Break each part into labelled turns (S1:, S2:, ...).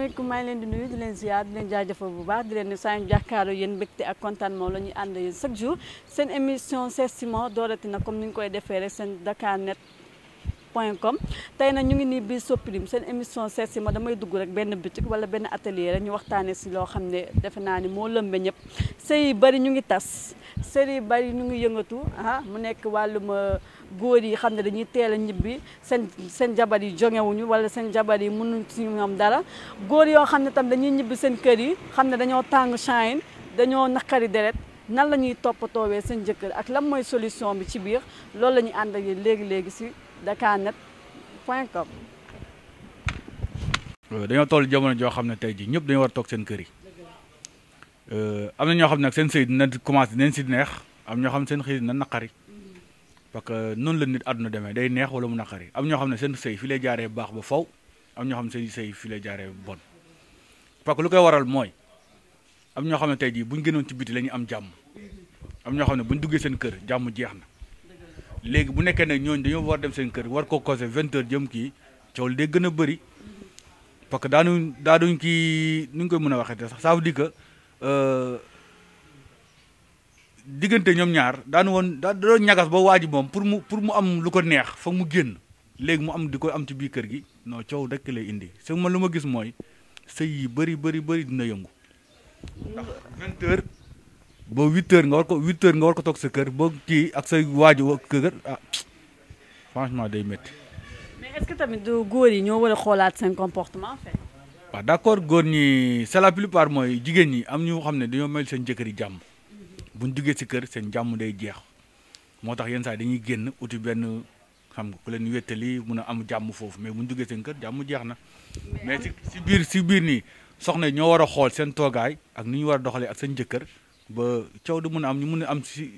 S1: asalaamaaleykum maa ngi leen di nuyu di leen ziar di leen jaajëfal bu baax di leen saa ñu jàkkaaroo yéen mbégte ak contentement la ñuy seen émission c'est Simon comme ni ñu koy defee seen Dakar Net point tey nag ñu ngi nii biir soppilim seen émission c'est Simon damay dugg rek benn boutique wala benn atelier rek ñu waxtaanee si loo xam ne defe naa ni moo lëmbe ñëpp sëy yu bëri ñu ngi tas seen yi bari ñu ngi yëngatu ah mu nekk wàllum euh, góor yi xam ne dañuy teel a ñibbi seen seen jabar yi jongewuñu wala seen jabar yi mënuñ ci ñoom dara góor yoo xam ne tam dañuy ñibbi seen kër yi xam ne dañoo tàng chaîne dañoo naqari deret nan la ñuy toppatoowee seen jëkkër ak lan mooy solution bi ci biir loolu lañuy ànd ak léegi léegi si dakarnet point com.
S2: Euh, dañoo toll jamono joo xam ne tey jii ñëpp dañoo war a seen kër yi. Euh, am na ñoo xam ne nag seen sëy dina commencé dinañ si neex am ñoo xam ne seen xëy dina naqari parce que noonu la nit àdduna demee day neex wala mu naqari am ñoo xam ne seen sëy fi jaaree baax ba faw ñoo xam ne seen sëy fi jaaree bon parce que lu koy waral mooy am ñoo xam ne tey jii buñ gënoon ci biti la ñu am jàmm am ñoo xam ne buñ duggee seen kër jàmm jeex na léegi bu nekkee nag ñooñu dañoo war dem seen kër war ko causer vingt heures jëm kii coow li gën a bëri parce que daanuñ daanuñ kii nuñ ñu koy mën a waxee sax ça veut dire Euh, diggante ñoom ñaar daan woon daa doon ñagas ba waa ji moom pour mu pour mu am lu ko neex foog mu génn léegi mu am di ko am ci biir kër gi noo coow rekk lay indi su ma lu ma gis mooy sëy yi bëri bari bëri dina yëngu ndax vingt heures ba huit heures nga war ko huit nga war ko toog sa kër ba kii ak say waaju kër ah franchement day métti.
S1: mais est-ce que góor yi ñoo war a xoolaat seen comportement en
S2: waaw d'accord góor ñi c'est la plupart mooy jigéen ñi am ñu xam ne dañoo mel seen jëkkër yi jàmm buñ duggee si kër seen jàmm day jeex moo tax yenn saa dañuy génn uti benn xam nga ku leen wéttali mun a am jàmm foofu mais buñ duggee seen kër jàmm jeex na mais ci biir ci biir nii soxna ñoo war a xool seen toogaay ak ni ñu war a doxalee ak seen jëkkër ba coow di mun a am ñu mun a am ci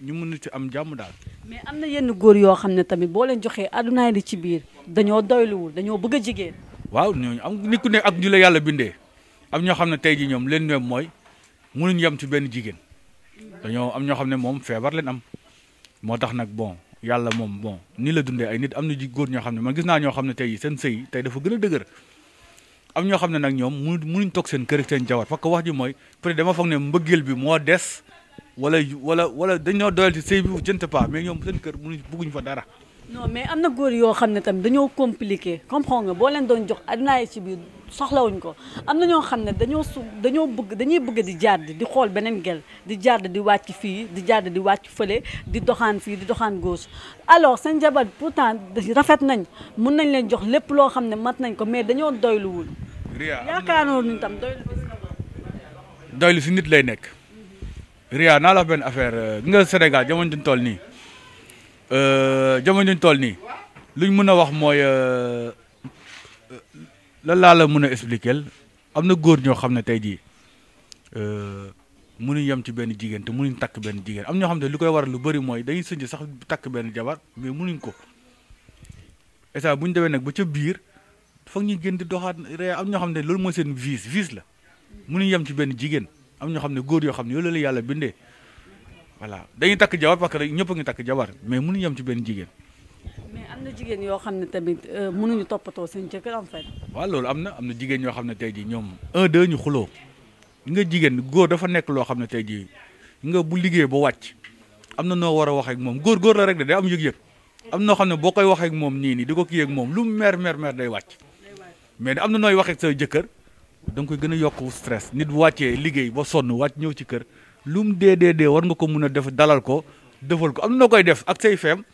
S2: ñu mun ci am jàmm daal.
S1: mais am na yenn góor yoo xam ne tamit boo leen joxee àddunaay di ci biir dañoo doyluwul dañoo bëgg a jigéen.
S2: waaw ñooñu am nit ku nekk ak ñu la yàlla bindee am ñoo xam ne tey ji ñoom leen ñoom mooy mënuñ yem ci benn jigéen dañoo am ñoo xam ne moom feebar leen am moo tax nag bon yàlla moom bon nii la dundee ay nit am na ji góor ñoo xam ne man gis naa ñoo xam ne tey seen sëy tey dafa gën a dëgër am ñoo xam ne nag ñoom mu munuñ toog seen kër ak seen jabar parce que wax ji mooy peut-être dama foog ne mbëggeel bi moo des wala wala wala dañoo doyal ci sëy bi jënt pas mais ñoom seen kër munuñ bugguñ fa dara
S1: non mais am na góor yoo xam ne tamit dañoo compliqué comprends nga boo leen doon jox adnaay ci biir soxlawuñ ko am na ñoo xam ne dañoo su dañoo bëgg dañuy bëgg di jàdd di xool beneen gel di jàdd di wàcc fii di jàdd di wàcc fële di doxaan fii di doxaan gauche alors seen jabar pourtant rafet nañ mun nañ leen jox lépp loo xam ne mat nañ ko mais dañoo doyluwul yaakaaroon nañ tam
S2: doylu si nit lay nekk ria naa la benn affaire gi nga Sénégal jamono ji toll nii Euh, jamono ñu toll nii luñ mën a wax mooy euh, euh, lan laa la mën a expliquer am na góor ñoo xam ne tey jii mënuñ yem ci benn jigéen te mënuñ takk benn jigéen am ñoo xam ne li koy waral lu bëri mooy dañuy sëñ sax takk benn jabar mais mënuñ ko état bu ñu demee nag ba ca biir foog ñu gën di doxaat ree am xam ne loolu mooy seen vice vice la mu mënuñ yem ci benn jigéen am ñoo xam ne góor yoo xam ne yooyu la yàlla bindee. voilà dañuy takk jabar parce que ñëpp ngi takk jabar mais mënuñu yem ci benn jigéen.
S1: mais am na jigéen yoo xam ne tamit euh, mënuñu toppatoo seen jëkkër am fay.
S2: waaw loolu am na am na jigéen ñoo xam ne tey jii ñoom un deux ñu xuloo nga jigéen góor dafa nekk loo xam ne tey jii nga bu liggéey ba wàcc am na noo war a wax ak moom góor góor la rek da day am yëg-yëg am noo xam ne boo koy wax moom nii nii di ko kii ak moom lu mu meer mer mer day wàcc mais am na nooy wax sa jëkkër da nga koy gën a yokk nit wàccee liggéey ba sonn wàcc ñëw ci kër lu mu dee war nga ko mun a def dalal ko defal ko am na koy def ak say feem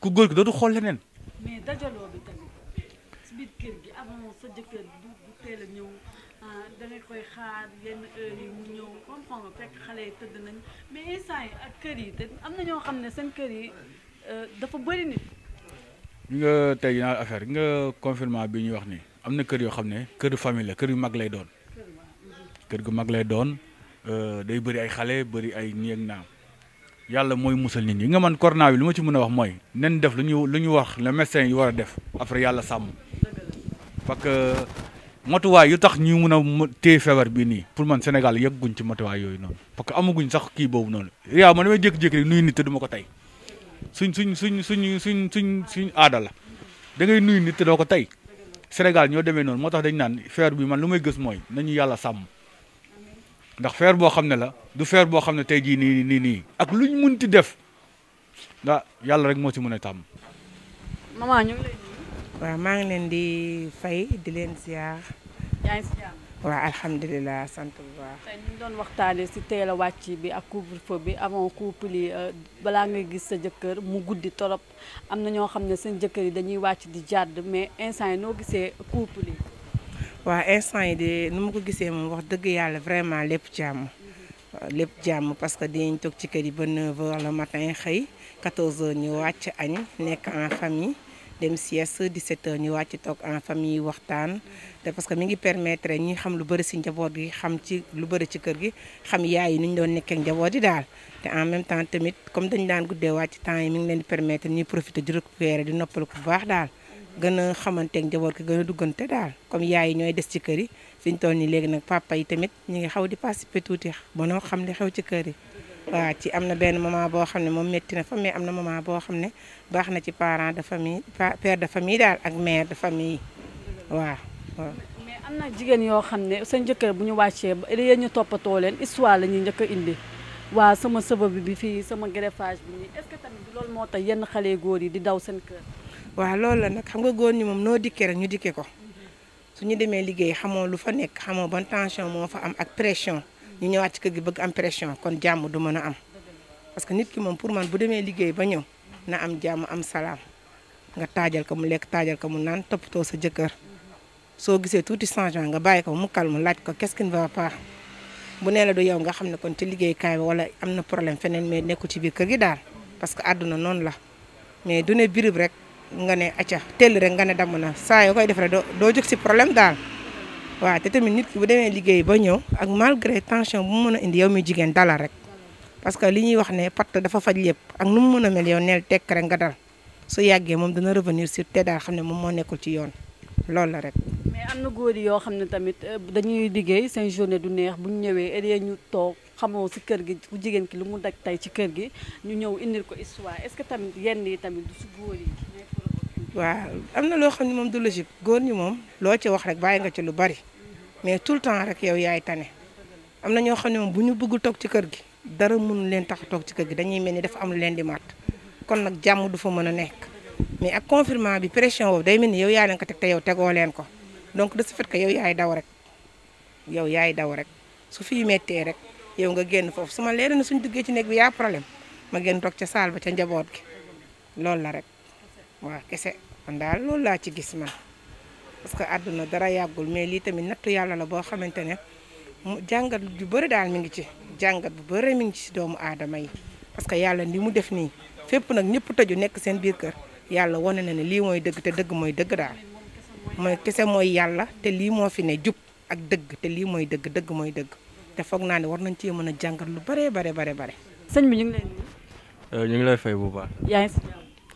S2: ku góor gi dootu xool leneen.
S1: mais dajaloo bi instant yi ak kër yi te am na ñoo xam ne seen kër yi euh, dafa bëri nit.
S2: ñu nga tey jii affaire yi nga confinement bi ñuy wax nii am na kër yoo xam ne kër famille la kër yu mag lay doon. kër mhm. gu mag lay doon. Euh, day bëri ay xale bëri ay nii ak naam yàlla mooy musal nit ñi nga man corona bi lu ma ci mën a wax mooy nen def lu ñu lu ñu wax le médecin yi war a def après yàlla sàmm parce que matuwaay yu tax ñu mun a téye feebar bi nii pour man Sénégal yegguñ ci matuwaay yooyu noonu parce que amaguñ sax kii boobu noonu yaaw man damay jékki-jékki rek nuyu nit te du ma ko tey suñ suñ suñ suñ suñ suñ suñ aada la da nit te ko tey Sénégal ñoo demee noonu moo tax dañ naan feebar bi man lu may gës mooy nañu yàlla sàmm ndax feer boo xam ne la du feer boo xam ne tey jii nii nii nii ak lu luñ munti def ndax yàlla rek moo ci mën a tàmm.
S3: maman ñu maa ngi leen di fay di leen ziar. yaa ngi ziar. waaw alhamdulilah sant bu baax.
S1: tey ñu doon waxtaanee si teel a wàcc bi ak couvre bi avant couple yi euh, balaa ngay gis sa jëkkër mu guddi torop am na ñoo xam ne seen jëkkër yi dañuy wàcc di jàdd mais instant yi noo gisee couple yi.
S3: waa instant yi de ni ma ko gisee moom wax dëgg yàlla vraiment lépp jàmm lépp jàmm parce que dinañ toog ci kër yi ba 9h le matin xëy 14h ñu wàcc añ nekk en famille dem sieste 17h ñu wàcc toog en famille waxtaan te parce que mi ngi permettre ñi xam lu bari si njaboot gi xam ci lu bari ci kër gi xam yaay yi ni ñu doon nekkee njaboot yi daal te en même temps tamit comme dañu daan guddee wàcc temps yi mi ngi leen di permettre ñuy profiter di di noppal ku baax daal. gën a xamanteeg njaboot ko gën a duggante daal comme yaay yi ñooy des ci kër yi fi ñu toll nii léegi nag papa yi tamit ñu ngi xaw di participer tuuti noo xam li xew ci kër yi. waaw ci am na benn maman boo xam ne moom métti fa mais am na maman boo xam ne baax na ci parent de famille père de famille daal ak mère de famille waaw waaw. jigéen yoo xam ne seen jëkkër bu ñu wàccee ba ñu toppatoo leen
S1: histoire la ñuy njëkk indi. waa sama sëba bi fii sama greffage bi nii est tamit loolu
S3: moo tax yenn xale góor yi di daw seen kër. waaw loolu la nag xam nga góor ñi moom noo dikkee rek ñu dikkee ko su ñu demee liggéey xamoo lu fa nekk xamoo ban tension moo fa am ak pression ñu ñëwaat ci kër gi bëgg am kon jàmm du mën a am parce que nit ki moom pour man bu demee liggéey ba ñëw na am jàmm am salaam nga taajal ko mu lekk taajal ko mu naan toppatoo sa jëkkër soo gisee tuuti changement nga bàyyi ko mu kal mu laaj ko qu'est-ce qui ne va pas bu nee la du yow nga xam ne kon ci liggéeykaay bi wala am na problème feneen mais nekku ci biir kër gi daal parce que àdduna noonu la mais du ne birib rek. nga ne acca teel rek nga ne damm na saa yoo koy def rek doo jóg si problème daal waaw te tamit nit bu demee liggéey ba ñëw ak malgré tension bu mu mën a indi yow muy jigéen dalal rek parce que li ñuy wax ne patt dafa faj lépp ak nu mu mën a mel yow rek nga dal su yàggee moom dana revenir sur te daal xam ne moom moo nekkul ci yoon loolu la rek.
S1: mais am na góor yoo xam ne tamit euh, dañuy liggéey seen journée du neex bu ñu ñëwee et ñu toog. xamoo si kër gi ku jigéen ki lu mu daj tey ci kër gi ñu ñëw indil ko histoire est-ce que tamit yenn yi tamit du yi
S3: waaw am na loo xam ne moom du logique góor ñi moom loo ci wax rek bàyyi nga ci lu bari mais tout le temps rek yow yaay tane am na ñoo xam ne moom bu ñu bëggul toog ci kër gi dara mënu leen tax toog ci kër gi dañuy mel ni dafa am leen di mat kon nag jàmm du fa mën a nekk mais ak confinement bi pression boobu mel ni yow yaa leen ko teg te yow tegoo leen ko donc de ce fait que yow yaay daw rek yow yaay daw rek su fi méttee rek yow nga génn foofu su ma leer na suñ duggee ci néeg bi yaa problème ma génn toog ca saal ba ca njaboot gi loolu la rek. waa kese man daal loolu laa ci gis man parce que àdduna dara yàggul mais lii tamit nattu yàlla la boo xamante ne mu jàngat ju bëri daal mi ngi ci jàngat bu bëri mi ngi ci doomu aadama yi parce que yàlla li mu def nii fépp nag ñëpp tëju nekk seen biir kër yàlla wane na ne lii mooy dëgg te dëgg mooy dëgg daal mooy kese mooy yàlla te lii moo fi ne jub ak dëgg te lii mooy dëgg dëgg mooy dëgg te foog naa ne war nañ cee mën a jàngat lu bëree bare bare bare sëñ bi ñu
S4: euh, lay fay bu baax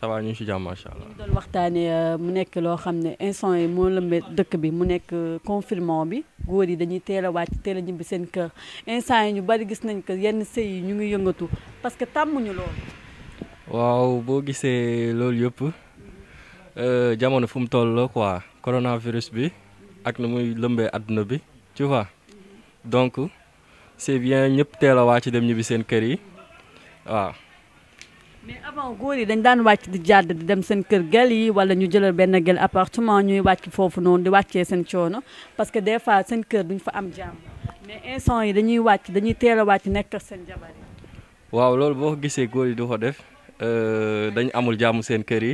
S4: ça va ñu ngi si jàmm macha allah.
S1: Euh, mu nekk loo xam ne instant yi moo lëmbee dëkk bi mu nekk euh, confinement bi góor yi dañuy teel a wàcc teel a ñibbi seen kër instant yi ñu bari gis nañ que yenn sëy yi ñu ngi yëngatu parce que ñu loolu.
S4: waaw boo gisee loolu yëpp euh, jamono fu mu toll la quoi coronavirus bi ak na muy lëmbee àdduna bi ci vois donc c'est bien ñëpp teel a wàcc dem ñibbi seen kër yi waaw.
S1: mais avant góor yi dañ daan wàcc di jàdd di dem seen kër gel yi wala ñu jëlal benn gel appartement ñuy wàcc foofu noonu di wàccee seen coono parce que des fois seen kër duñ fa am jàmm mais instant yi dañuy wàcc dañuy teel a wàcc nekk seen jabar yi
S4: waaw loolu boo gisee góor yi du ko def euh, dañ amul jàmm seen kër yi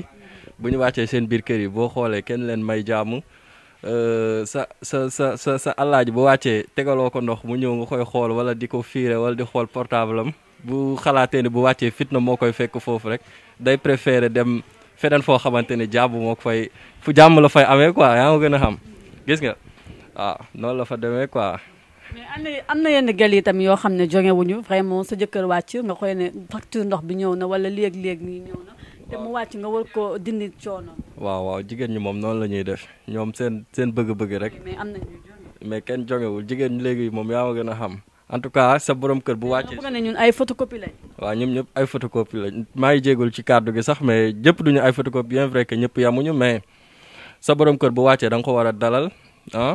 S4: bu ñu wàccee seen biir kër yi boo xoolee kenn leen may jàmm euh, sa sa sa sa sa alaaji bu wàccee tegaloo ko ndox mu ñëw nga koy xool wala di ko fiire wala di xool portable am bu xalaatee ne bu wàccee fitna moo koy fekk foofu rek day préféré dem feneen foo xamante ne jàmm moo ko fay fu jàmm la fay amee quoi yaa ngi gën a xam gis nga waaw ah, noonu la fa demee quoi.
S1: mais am na yenn gel yi tam yoo xam ne jóge wuñu vraiment sa jëkkër wàcc nga xoolee ne facture ndox bi ñëw na wala léeg-léeg nii ñëw na. te mu wàcc nga war ko dindi coono.
S4: waaw waaw jigéen ñi moom noonu la ñuy def ñoom seen bëgg-bëgg rek. mais am mais kenn jógewul jigéen léegi moom yaa ma gën a xam. en tout cas sa borom kër bu wàccee. waaw
S1: ñun ay photocopie lañ.
S4: waaw ñoom ñëpp ay photocopie lañ maa ngi jéegul ci kàddu gi sax mais ñëpp duñu ay photocopie bien vrai que ñëpp yamuñu mais sa borom kër bu wàccee da nga ko war a dalal ah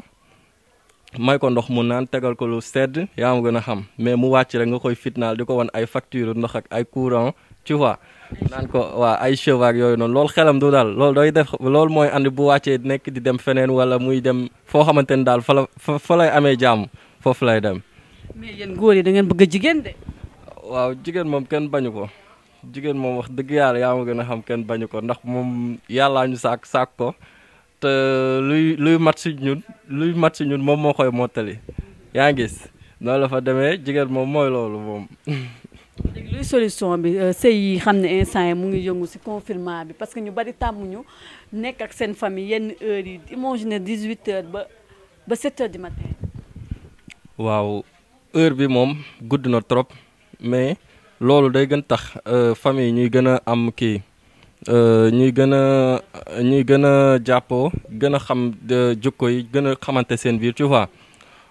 S4: may ko ndox mu naan tegal ko lu sedd yaa ma gën a xam mais mu wàcc rek nga koy fitnaal di ko wan ay facture ndox ak ay courant ci vois. naan ko waa ay chevaux yooyu noonu loolu xelam du daal loolu doy def loolu mooy andi bu wàccee nekk di dem feneen wala muy dem foo xamante ni daal fa la fa lay amee jàmm foofu lay dem. mais yéen góor yi da ngeen bëgg a jigéen de. waaw jigéen moom kenn bañu ko jigéen moom wax dëgg yàlla yaa ma gën a xam kenn bañu ko ndax moom yàllaa ñu sàkk sàkk ko te luy luy mat si ñun luy mat si ñun moom moo koy mottali yaa ngi gis noonu la fa demee jigéen moom mooy loolu moom.
S1: luy solution bi euh, sëy yi xam ne instant yi mu ngi yëngu si confinement bi parce que ñu bari tàmmuñu nekk ak seen famille yenn heures yi imagine dix-huit heures ba ba sept heures du matin.
S4: heure bi moom gudd na trop mais loolu day gën tax euh, famille ñuy gën a am kii euh, ñuy gën a ñuy gën a jàppoo gën a xam jukko yi gën a xamante seen biir tu vois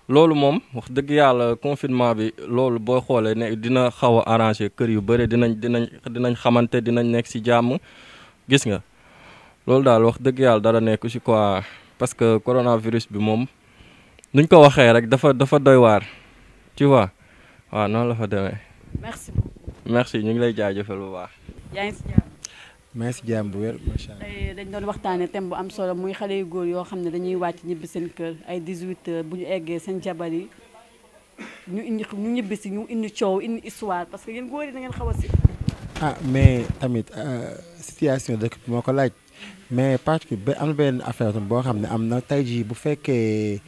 S4: loolu moom wax dëgg yàlla confinement bi loolu boo xoolee ne dina xaw a arrangé kër yu bëri dinañ dinañ dinañ xamante dinañ nekk ci jàmm gis nga loolu daal wax dëgg yàlla dara nekku ci quoi parce que coronavirus bi moom nuñ ko waxee rek dafa dafa doy waar tu waa waaw noonu la fa demee. merci ñu ngi lay jaajëfal bu baax.
S1: yaa ngi si jàmm.
S5: maa ngi si jàmm bu wér macha
S1: dañ doon waxtaanee thème bu am solo muy xale yu góor yoo xam ne dañuy wàcc ñibbi seen kër ay 18h bu ñu eggee seen jabar yi ñu indi ñu ñibbi si ñu indi coow indi histoire parce que yéen góor yi da ngeen a si.
S5: ah mais tamit euh, situation dëkk bi moo ko laaj mais parce que am benn affaire boo xam ne am na tey jii bu fekkee.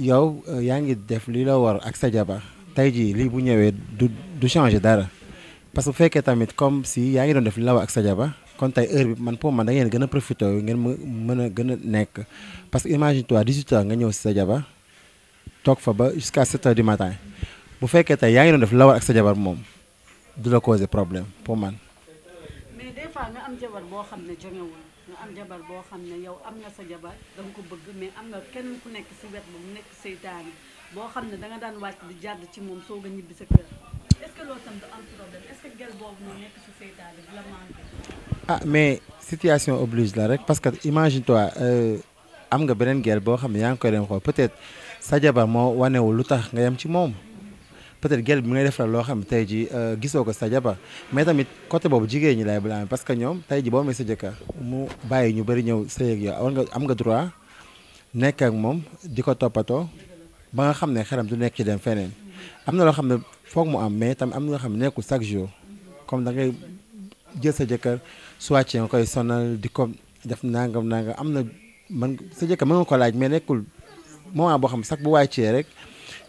S5: yow euh, yaa ngi def li la war ak sa jabar tey jii lii bu ñëwee du du changer dara parce que bu fekkee tamit comme si yaa ngi doon def li la war ak sa jabar kon tey heure bi man pour man da ngeen gën a profité ngeen mën a gën a nekk parce que imagine toi 18 heures nga ñëw si sa jabar toog fa ba jusqu'à 7 heures du matin bu fekkee tey yaa ngi doon def li la war ak sa jabar moom du la causer problème pour man.
S1: fois boo xam ne jongewul boo xam ne yow am na kenn ku xam ne da nga ci moom soog
S5: a ah mais situation oblige la rek parce que imagine toi euh, am nga beneen gel boo xam ne yaa ngi koy dem ko peut-être sa jabar moo wanewul lu tax nga yem ci moom. peut-être gel bi mu ngay def la loo xam tey ji euh, gisoo ko sa ba mais tamit côté boobu jigéen ñi lay laa parce que ñoom tey ji boo amee sa jëkkër mu bàyyi ñu bëri ñëw sëy ak yow war nga am nga droit nekk ak moom di ko toppatoo ba nga xam ne xelam du nekk ci dem feneen am na loo xam ne foog mu am mais tam am na loo xam ne nekkul jour comme da ngay jël sa jëkkër soit ci nga di ko def nangam nangam am na man sa jëkkër mën nga ko laaj mais nekkul moment boo xam sax bu wàccee rek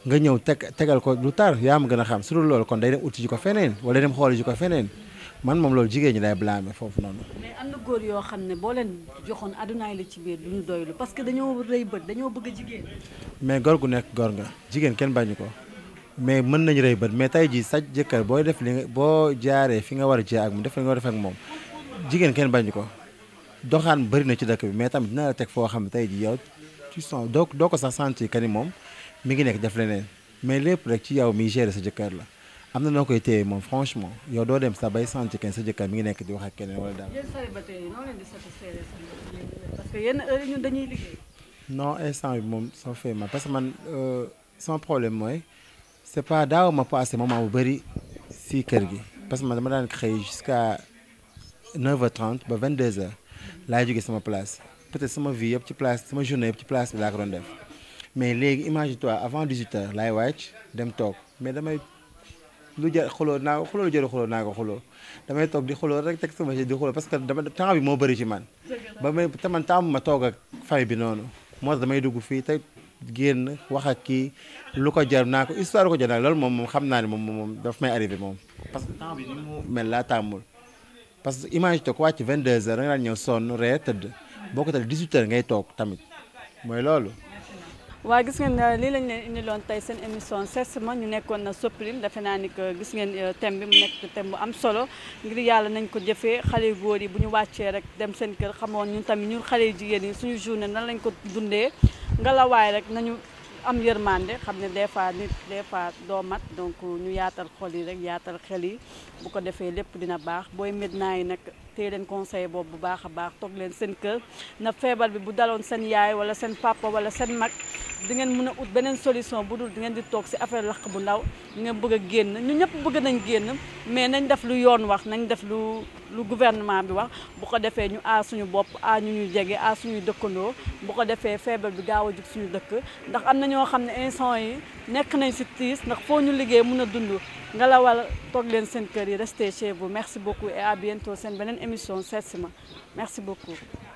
S5: nga ñëw teg tegal ko lu tar yaa ma gën a xam su dul loolu kon day dem uti ji ko feneen wala day dem xooli ji ko feneen man moom loolu jigéen ñi lay blâmer foofu noonu.
S1: mais am yoo xam ne boo leen joxoon adunaay ci biir parce que dañoo rëy dañoo bëgg
S5: mais góor gu nekk góor nga jigéen kenn bañu ko mais mën nañu rëy bët mais tey jii sa jëkkër booy def li nga boo jaaree fi nga war a jaar ak mu def li nga war a moom jigéen kenn bañu ko doxaan bëri na ci dëkk bi mais tamit dina la teg foo xam ne ji jii yow tu sens doo doo ko sax sentir que ni moom mi ngi nekk def leneen mais lépp rek ci yow miy gérer sa jëkkër la am na noo koy téye moom franchement yow doo dem sa bay sant kenn sa jëkkër mi ngi nekk di wax ak keneen wala daal.
S1: yéen célibataire bi
S5: moom soo fee ma parce que man euh, sans problème mooy c'est pas daaw ma passé moment bu bëri si kër gi parce que man dama daan xëy jusqu'à 9h30 ba 22h laay sama place peut-être sama vie yëpp ci place sama journée yëpp ci place bi laa ko doon def. mais léegi imagine toi avant 18 heures laay wàcc dem toog mais damay lu jar xuloo naa ko xuloo lu naa ko xuloo damay toog di xuloo rek teg sama di xuloo parce que dama temps bi moo bëri ci man. ba may te man ma toog ak fay bi noonu moo damay dugg fii te génn wax ak kii lu ko jar naa ko histoire ko jar moom moom xam naa ne moom moom daf may arrivé moom. parce que temps laa tàmmul parce que imagine toi ko wàcc 22 heures da nga daan ñëw sonn ree tëdd boo ko tëdd 18 heures ngay toog tamit mooy loolu.
S1: waa gis ngeen euh, lii lañ leen indiloon tey seen émission ma ñu nekkoon na Soprim defe naa ni que gis ngeen euh, thème bi mu nekk thème bu am solo ngir yàlla nañ ko jëfee xale yu góor yi bu ñu wàccee rek dem seen kër xamoon ñun tamit ñun xale yu jigéen yi suñu journée nan lañ ko dundee ngalawaay rek nañu am yërmande xam ne des fois nit des fois doo mat donc ñu yaatal xol yi rek yaatal xel yi bu ko defee lépp dina baax booy Médina yi nag tey leen conseil boobu bu baax a baax toog leen seen kër na feebar bi bu daloon seen yaay wala seen papa wala seen mag di ngeen mën a ut beneen solution bu dul di ngeen di toog si affaire lax bu ndaw ngeen bëgg a génn ñu ñëpp bëgg nañ génn mais nañ def lu yoon wax nañ def lu lu gouvernement bi wax bu ko defee ñu aar suñu bopp aar ñu ñu jege aar suñuy dëkkandoo bu ko defee feebar bi gaaw a jug suñu dëkk ndax am na ñoo xam ne instant yi nekk nañ si tiis ndax foo ñu liggéey mun a dund nga la war toog leen seen kër yi reste chez vous merci beaucoup et à seen beneen émission set si ma merci beaucoup